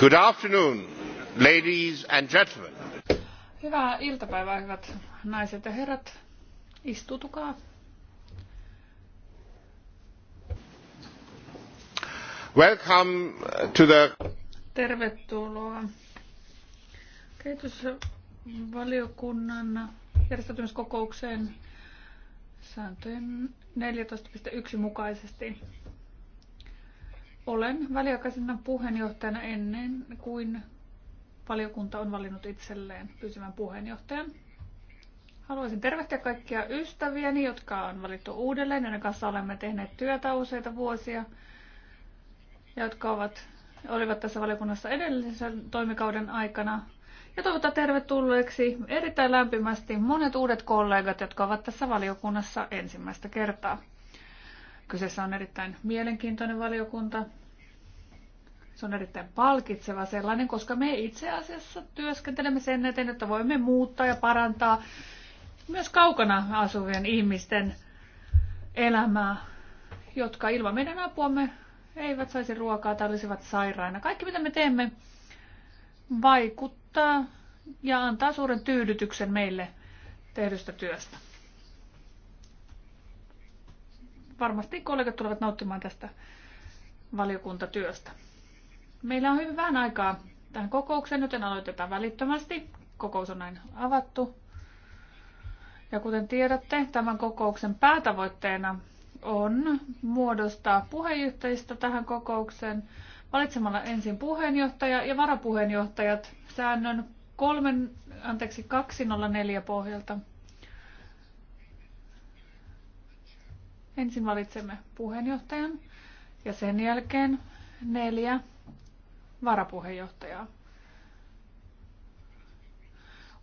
Good afternoon, ladies and gentlemen. Hyvää iltapäivää, hyvät naiset ja herrat. Istutukaa. Welcome uh, to the... Tervetuloa kehitysvaliokunnan järjestäytymiskokoukseen sääntöjen 14.1 mukaisesti. Olen väliaikaisena puheenjohtajana ennen kuin valiokunta on valinnut itselleen pysyvän puheenjohtajan. Haluaisin tervehtiä kaikkia ystäviäni, jotka on valittu uudelleen, joiden kanssa olemme tehneet työtä useita vuosia, ja jotka ovat, olivat tässä valiokunnassa edellisen toimikauden aikana. Ja toivottaa tervetulleeksi erittäin lämpimästi monet uudet kollegat, jotka ovat tässä valiokunnassa ensimmäistä kertaa. Kyseessä on erittäin mielenkiintoinen valiokunta. Se on erittäin palkitseva sellainen, koska me itse asiassa työskentelemme sen eteen, että voimme muuttaa ja parantaa myös kaukana asuvien ihmisten elämää, jotka ilman meidän apuamme eivät saisi ruokaa tai olisivat sairaina. Kaikki mitä me teemme vaikuttaa ja antaa suuren tyydytyksen meille tehdystä työstä. varmasti kollegat tulevat nauttimaan tästä valiokuntatyöstä. Meillä on hyvin vähän aikaa tähän kokoukseen, joten aloitetaan välittömästi. Kokous on näin avattu. Ja kuten tiedätte, tämän kokouksen päätavoitteena on muodostaa puheenjohtajista tähän kokoukseen valitsemalla ensin puheenjohtaja ja varapuheenjohtajat säännön 3, anteeksi, 204 pohjalta. Ensin valitsemme puheenjohtajan ja sen jälkeen neljä varapuheenjohtajaa.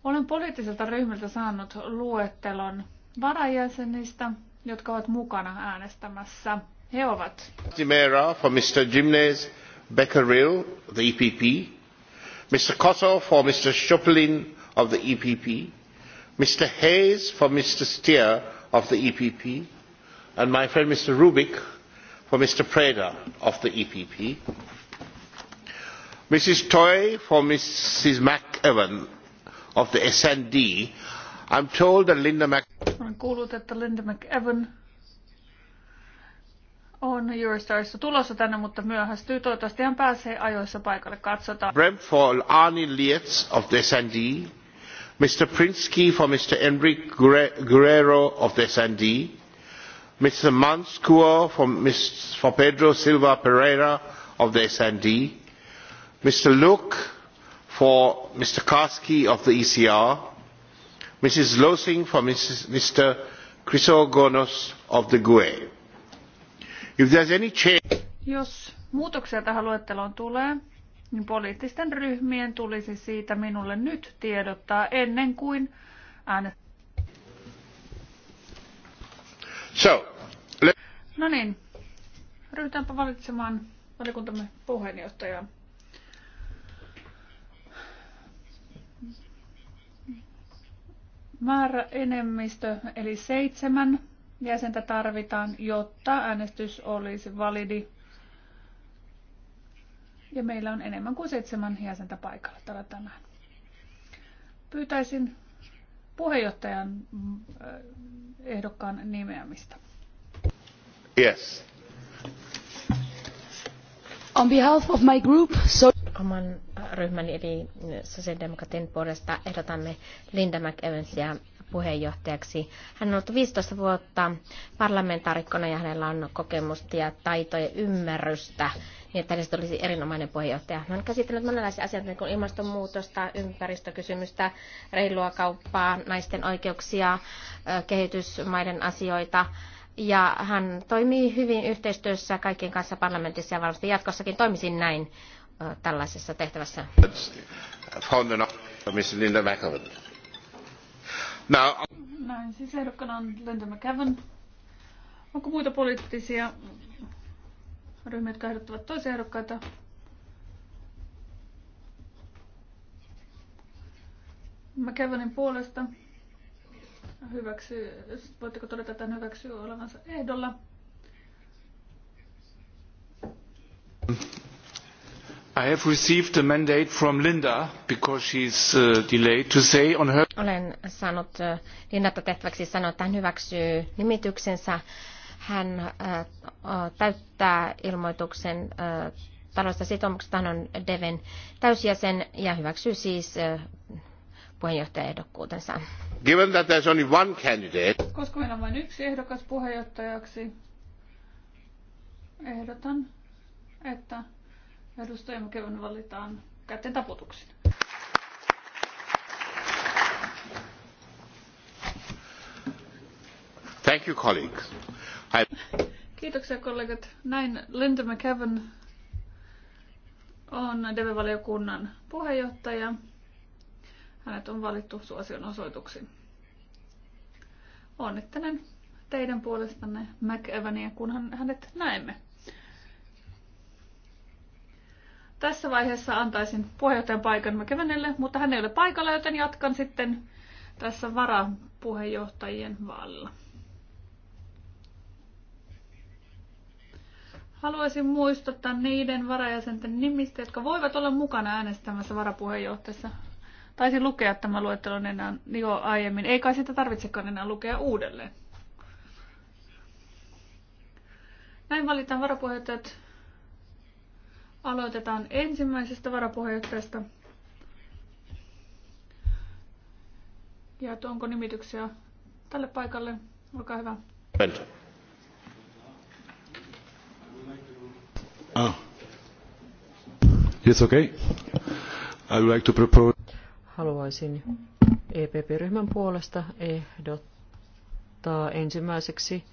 Olen poliittiselta ryhmältä saanut luettelon varajäsenistä, jotka ovat mukana äänestämässä. He ovat Dimera for Mr. Jimnez Becquerel, the EPP, Mr. Cotto for Mr. Schopelin of the EPP, Mr. Hayes for Mr. Steer of the EPP, and my friend mr rbig for mr preda of the epp ms toy for ms mcavan of the sd am told that linda mc olen kuullut että linda mcavan on Eurostarissa tulossa tänne, mutta myöhästyy. Toivottavasti hän pääsee ajoissa paikalle. Katsotaan. Bremfall Arni Lietz of the SND, Mr. Prinsky for Mr. Enrique Guerrero of the SND, mr Manskour from for Pedro Silva Pereira of the SND, Mr. Luke for Mr. Karski of the ECR, Mrs. lsing for Mr. Chrysogonos of the GUE. ngl. Jos muutoksia tähän luetteloon tulee, niin poliittisten ryhmien tulisi siitä minulle nyt tiedottaa ennen kuin äänestetään. no niin, ryhdytäänpä valitsemaan valikuntamme puheenjohtajaa. Määrä enemmistö eli seitsemän jäsentä tarvitaan, jotta äänestys olisi validi. Ja meillä on enemmän kuin seitsemän jäsentä paikalla täällä tänään. Pyytäisin puheenjohtajan äh, ehdokkaan nimeämistä. Yes. On behalf of my group, so oman ryhmäni eli sosiaalidemokratin puolesta ehdotamme Linda McEvansia puheenjohtajaksi. Hän on ollut 15 vuotta parlamentaarikkona ja hänellä on kokemusta ja taitoja ja ymmärrystä, niin että hänestä olisi erinomainen puheenjohtaja. Hän on käsitellyt monenlaisia asioita, niin kuin ilmastonmuutosta, ympäristökysymystä, reilua kauppaa, naisten oikeuksia, kehitysmaiden asioita. Ja hän toimii hyvin yhteistyössä kaikkien kanssa parlamentissa ja varmasti jatkossakin toimisin näin tällaisessa tehtävässä. Linda Now... Näin, siis ehdokkana on Linda McCavan. Onko muita poliittisia ryhmiä, jotka ehdottavat toisia ehdokkaita? McCavanin puolesta hyväksy, voitteko todeta, että hän hyväksyy olevansa ehdolla? I have received a mandate from Linda because she's uh, delayed to say on her. Olen saanut uh, Linnalta tehtäväksi sanoa, että hän hyväksyy nimityksensä. Hän uh, täyttää ilmoituksen taloudellisesta sitoumuksesta. Hän on Deven täysjäsen ja hyväksyy siis puheenjohtajaehdokkuutensa. Given that there's only one candidate. Koska meillä on vain yksi ehdokas puheenjohtajaksi, ehdotan, että Edustaja Mäkevän valitaan käteen taputuksen. Thank you, colleagues. I... Kiitoksia kollegat. Näin Linda McCavan on DEVE-valiokunnan puheenjohtaja. Hänet on valittu suosion osoituksiin. Onnittelen teidän puolestanne McEvania, kunhan hänet näemme. tässä vaiheessa antaisin puheenjohtajan paikan Mäkevänelle, mutta hän ei ole paikalla, joten jatkan sitten tässä varapuheenjohtajien vaalilla. Haluaisin muistuttaa niiden varajäsenten nimistä, jotka voivat olla mukana äänestämässä varapuheenjohtajassa. Taisin lukea tämän luettelon enää jo aiemmin. Ei kai sitä tarvitsekaan enää lukea uudelleen. Näin valitaan varapuheenjohtajat Aloitetaan ensimmäisestä varapuheenjohtajasta. Ja onko nimityksiä tälle paikalle? Olkaa hyvä. Ah. It's okay. I would like to propose... Haluaisin EPP-ryhmän puolesta ehdottaa ensimmäiseksi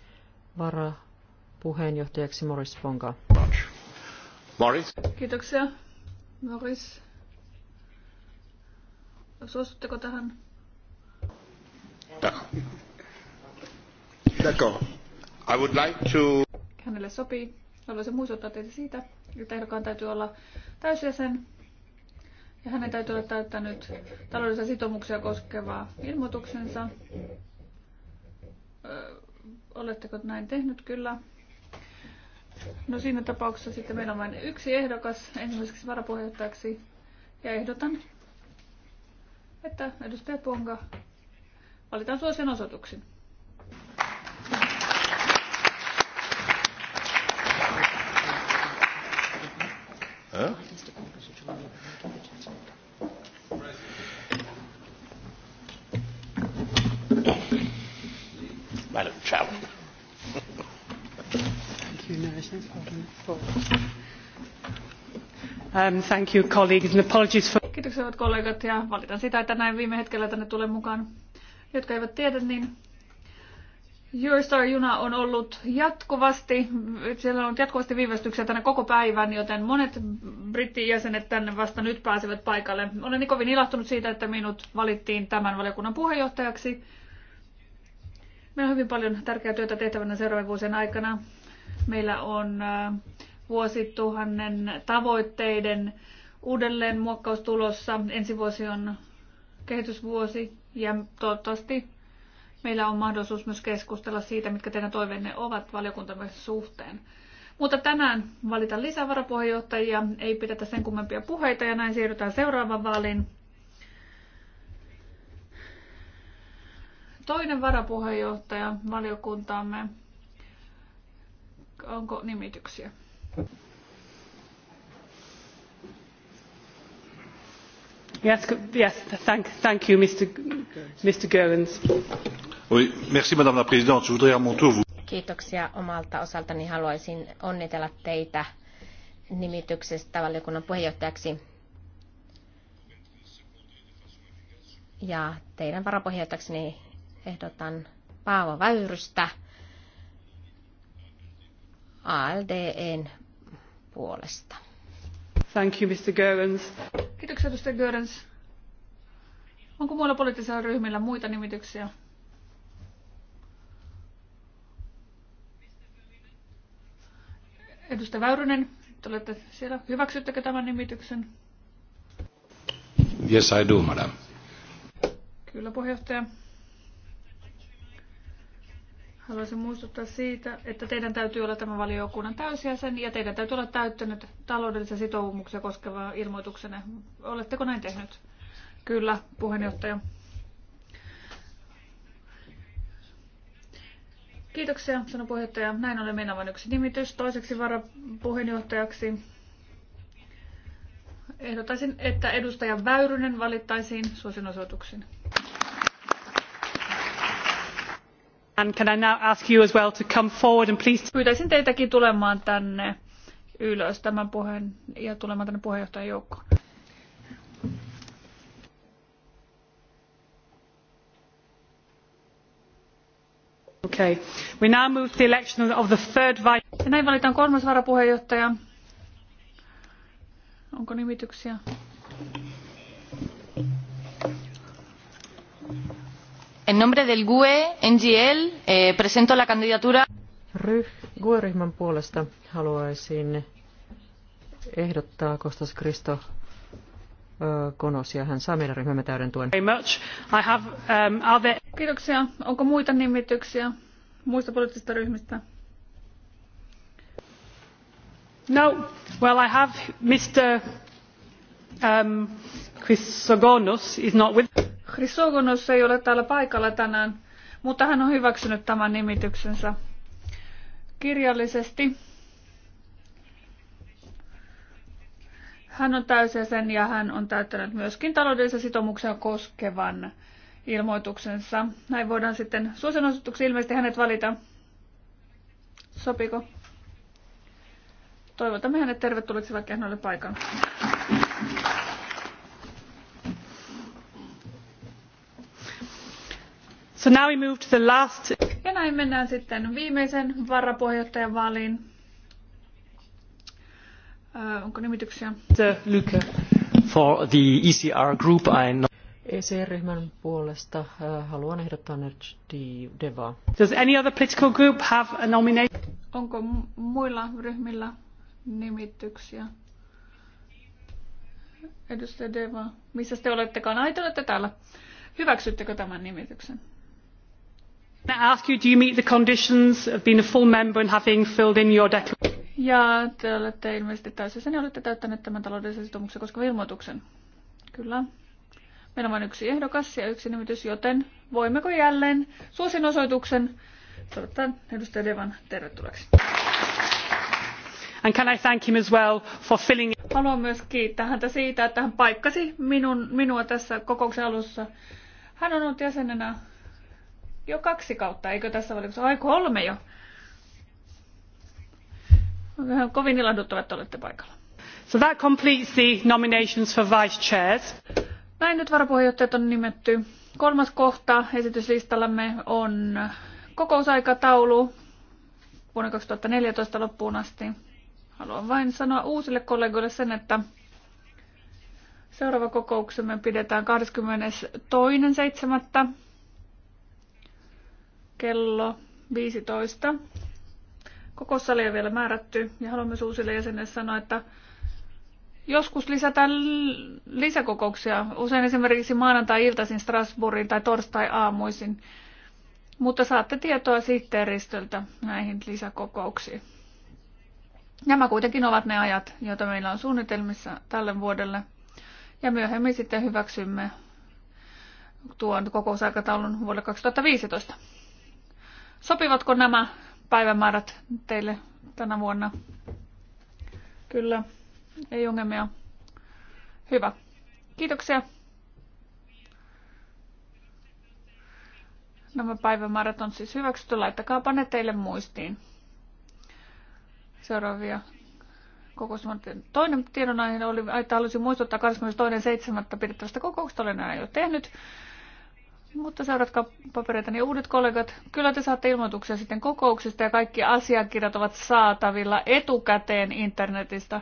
varapuheenjohtajaksi Morris Fonka. Morris. Kiitoksia. Morris. Suostutteko tähän? I would like to... Hänelle sopii. Haluaisin muistuttaa teitä siitä, että ehdokkaan täytyy olla täysjäsen ja hänen täytyy olla täyttänyt taloudellisia sitoumuksia koskevaa ilmoituksensa. oletteko näin tehnyt? Kyllä. No siinä tapauksessa sitten meillä on vain yksi ehdokas ensimmäiseksi varapuheenjohtajaksi ja ehdotan, että edustaja Ponga valitaan suosien osoituksin. Huh? Um, Kiitoksia hyvät kollegat ja valitan sitä, että näin viime hetkellä tänne tulee mukaan. Jotka eivät tiedä, niin Eurostar-juna on ollut jatkuvasti, siellä on ollut jatkuvasti viivästyksiä tänä koko päivän, joten monet brittijäsenet tänne vasta nyt pääsevät paikalle. Olen niin kovin ilahtunut siitä, että minut valittiin tämän valiokunnan puheenjohtajaksi. Meillä on hyvin paljon tärkeää työtä tehtävänä seuraavien vuosien aikana. Meillä on vuosituhannen tavoitteiden uudelleen muokkaus tulossa. Ensi vuosi on kehitysvuosi ja toivottavasti meillä on mahdollisuus myös keskustella siitä, mitkä teidän toiveenne ovat valiokuntamme suhteen. Mutta tänään valitaan lisävarapuheenjohtajia, ei pidetä sen kummempia puheita ja näin siirrytään seuraavaan vaaliin. Toinen varapuheenjohtaja valiokuntaamme onko nimityksiä? Yes, yes, thank, thank you, Mr. Mr. Goins. Oui, merci, Madame la Présidente. Je voudrais à mon tour vous... Kiitoksia omalta osaltani. Haluaisin onnitella teitä nimityksestä valiokunnan puheenjohtajaksi. Ja teidän varapuheenjohtajaksi ehdotan Paavo Väyrystä – ALDEn puolesta. Thank you, Mr. Goerens. Kiitoksia, Mr. Goerens. Onko muilla poliittisilla ryhmillä muita nimityksiä? Edustaja Väyrynen, olette siellä. Hyväksyttekö tämän nimityksen? Yes, I do, madam. Kyllä, puheenjohtaja. Haluaisin muistuttaa siitä, että teidän täytyy olla tämän valiokunnan täysjäsen ja teidän täytyy olla täyttänyt taloudellisia sitoumuksia koskeva ilmoituksenne. Oletteko näin tehnyt? Kyllä, puheenjohtaja. Kiitoksia, sanoi puheenjohtaja. Näin oli minä vain yksi nimitys toiseksi varapuheenjohtajaksi. Ehdotaisin, että edustaja Väyrynen valittaisiin suosinosoituksiin. Pyytäisin teitäkin tulemaan tänne ylös tämän puheen ja tulemaan tänne puheenjohtajan joukkoon. Okay. We now move to the election of the third vice. Ja näin valitaan kolmas varapuheenjohtaja. Onko nimityksiä? En nombre del GUE, NGL, eh, presento la candidatura. Ryh, GUE-ryhmän puolesta haluaisin ehdottaa Kostas Kristo Konosia. Hän saa meidän ryhmämme täyden tuen. Very much. I have, um, other... Kiitoksia. Onko muita nimityksiä muista poliittisista ryhmistä? No. Well, I have Mr. Um, Chrysogonos is not with Chrysogonos ei ole täällä paikalla tänään, mutta hän on hyväksynyt tämän nimityksensä kirjallisesti. Hän on täysjäsen ja hän on täyttänyt myöskin taloudellisen sitoumuksia koskevan ilmoituksensa. Näin voidaan sitten suosionosituksi ilmeisesti hänet valita. Sopiko? Toivotamme hänet tervetulleeksi, vaikka hän ole paikalla. So now we move to the last... Ja näin mennään sitten viimeisen varapuheenjohtajan vaaliin. Äh, onko nimityksiä? The Lyke. For the ECR group I know. ECR-ryhmän puolesta äh, haluan ehdottaa nyt Devaa. Does any other political group have a nomination? Onko muilla ryhmillä nimityksiä? Edustaja Deva, missä te olettekaan? Ai, te olette täällä. Hyväksyttekö tämän nimityksen? Can I ask you, do you meet the conditions of being a full member and having filled in your declaration? Ja te olette ilmeisesti täysin ja olette täyttäneet tämän taloudellisen sitoumuksen koska ilmoituksen. Kyllä. Meillä on vain yksi ehdokas ja yksi nimitys, joten voimmeko jälleen suosin osoituksen toivotan edustaja Devan tervetulleeksi. And can I thank him as well for filling... in? Haluan myös kiittää häntä siitä, että hän paikkasi minun, minua tässä kokouksen alussa. Hän on ollut jäsenenä jo kaksi kautta, eikö tässä valiokunnassa? Ai kolme jo. Kovin ilahduttava, että olette paikalla. So that completes the nominations for vice chairs. Näin nyt varapuheenjohtajat on nimetty. Kolmas kohta esityslistallamme on kokousaikataulu vuonna 2014 loppuun asti. Haluan vain sanoa uusille kollegoille sen, että seuraava kokouksemme pidetään 22.7 kello 15. Koko sali on vielä määrätty ja haluan myös uusille jäsenille sanoa, että joskus lisätään lisäkokouksia, usein esimerkiksi maanantai-iltaisin Strasbourgin tai torstai-aamuisin, mutta saatte tietoa sihteeristöltä näihin lisäkokouksiin. Nämä kuitenkin ovat ne ajat, joita meillä on suunnitelmissa tälle vuodelle. Ja myöhemmin sitten hyväksymme tuon kokousaikataulun vuodelle 2015. Sopivatko nämä päivämäärät teille tänä vuonna? Kyllä, ei ongelmia. Hyvä. Kiitoksia. Nämä päivämäärät on siis hyväksytty. Laittakaapa ne teille muistiin. Seuraavia kokousman toinen tiedonaihe oli, että haluaisin muistuttaa 22.7. pidettävästä kokouksesta, olen näin jo tehnyt. Mutta seuratkaa papereita, niin uudet kollegat, kyllä te saatte ilmoituksia sitten kokouksista ja kaikki asiakirjat ovat saatavilla etukäteen internetistä.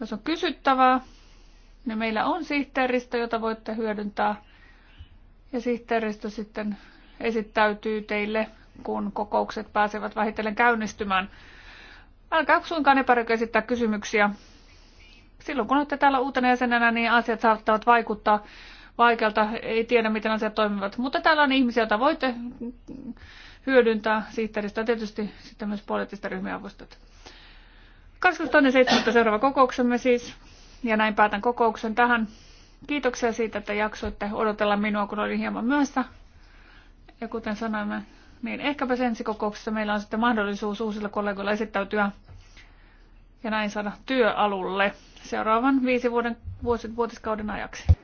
Jos on kysyttävää, niin meillä on sihteeristö, jota voitte hyödyntää. Ja sihteeristö sitten esittäytyy teille, kun kokoukset pääsevät vähitellen käynnistymään. Älkää suinkaan epäröikö esittää kysymyksiä. Silloin kun olette täällä uutena jäsenenä, niin asiat saattavat vaikuttaa vaikealta, ei tiedä miten asiat toimivat. Mutta täällä on ihmisiä, joita voitte hyödyntää sihteeristä ja tietysti sitten myös poliittista ryhmiä avustat. 22.7. seuraava kokouksemme siis. Ja näin päätän kokouksen tähän. Kiitoksia siitä, että jaksoitte odotella minua, kun olin hieman myössä. Ja kuten sanoimme, niin ehkäpä ensi kokouksessa meillä on sitten mahdollisuus uusilla kollegoilla esittäytyä ja näin saada työalulle seuraavan viisi vuoden vuotiskauden ajaksi.